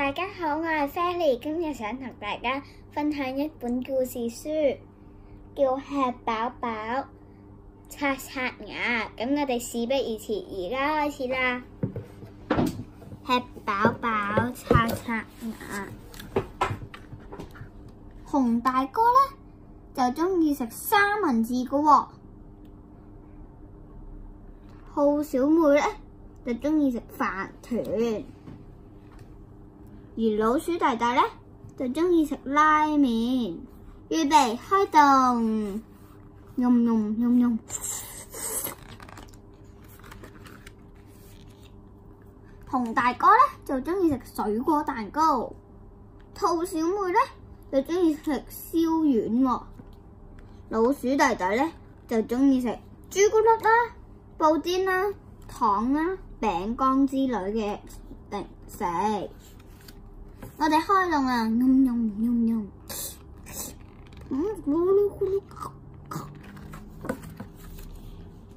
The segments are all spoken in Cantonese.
大家好，我係 Fairy，今日想同大家分享一本故事書，叫《吃飽飽刷刷牙》。咁我哋事不宜遲，而家開始啦！吃飽飽刷刷牙，熊大哥呢，就中意食三文治個喎；浩小妹呢，就中意食飯團。而老鼠弟弟咧就中意食拉麵，預備開動，用用用用。熊大哥咧就中意食水果蛋糕，兔小妹咧就中意食燒丸喎，老鼠弟弟咧就中意食朱古力啦、布丁啦、糖啦、餅乾之類嘅零食。我哋開動啦，唔唔唔唔唔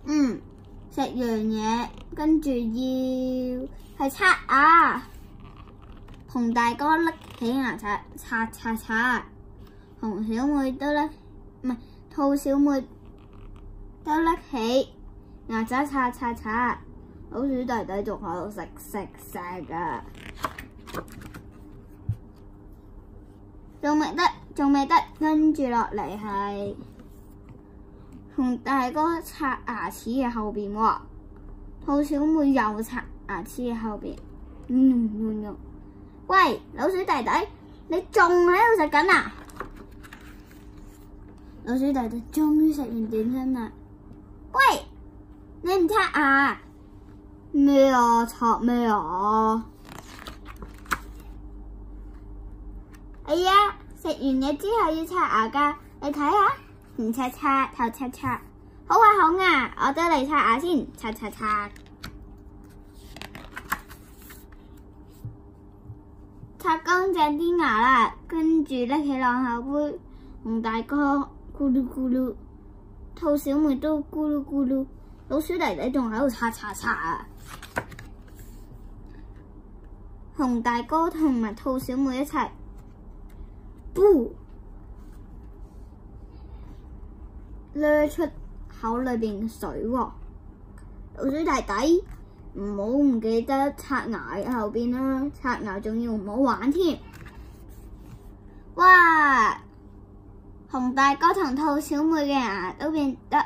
嗯，食完嘢，跟住要去刷牙。熊大哥拎起牙刷刷刷刷，熊小妹都拎，唔係兔小妹都拎起牙刷刷刷刷。老鼠弟弟仲喺度食食食㗎！仲未得，仲未得，跟住落嚟係熊大哥刷牙齒嘅後邊喎、哦，兔小妹又刷牙齒嘅後邊，嗯，嗯、嗯、嗯、嗯嗯。喂，老鼠弟弟，你仲喺度食緊啊？老鼠弟弟終於食完點心啦。喂，你唔刷牙咩啊？刷咩啊？係啊！食完嘢之後要刷牙噶，你睇下，前刷刷，後刷刷，好啊好啊，我都嚟刷牙先，刷刷刷，刷乾淨啲牙啦。跟住拎起漱口杯，熊大哥咕嚕咕嚕，兔小妹都咕嚕咕嚕，老鼠弟弟仲喺度刷刷刷啊！熊大哥同埋兔小妹一齊。唔，吐出口裏邊嘅水喎，老鼠弟弟唔好唔記得刷牙喺後邊啦，刷牙仲要唔好玩添。哇！熊大哥同兔小妹嘅牙都變得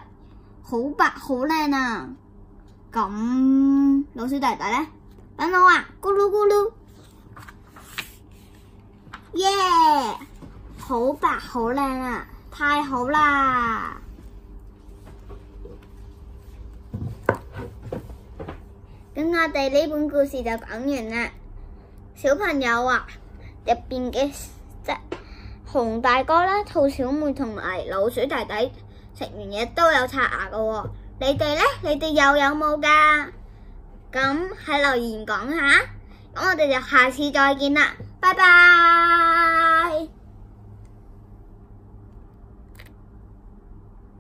好白好靚啊！咁老鼠弟弟咧，等我啊！咕嚕咕嚕，耶！好白好靚啊！太好啦！咁我哋呢本故事就講完啦。小朋友啊，入邊嘅隻熊大哥啦、兔小妹同埋老鼠弟弟食完嘢都有刷牙噶喎。你哋咧，你哋又有冇噶？咁喺留言講下。咁我哋就下次再見啦，拜拜。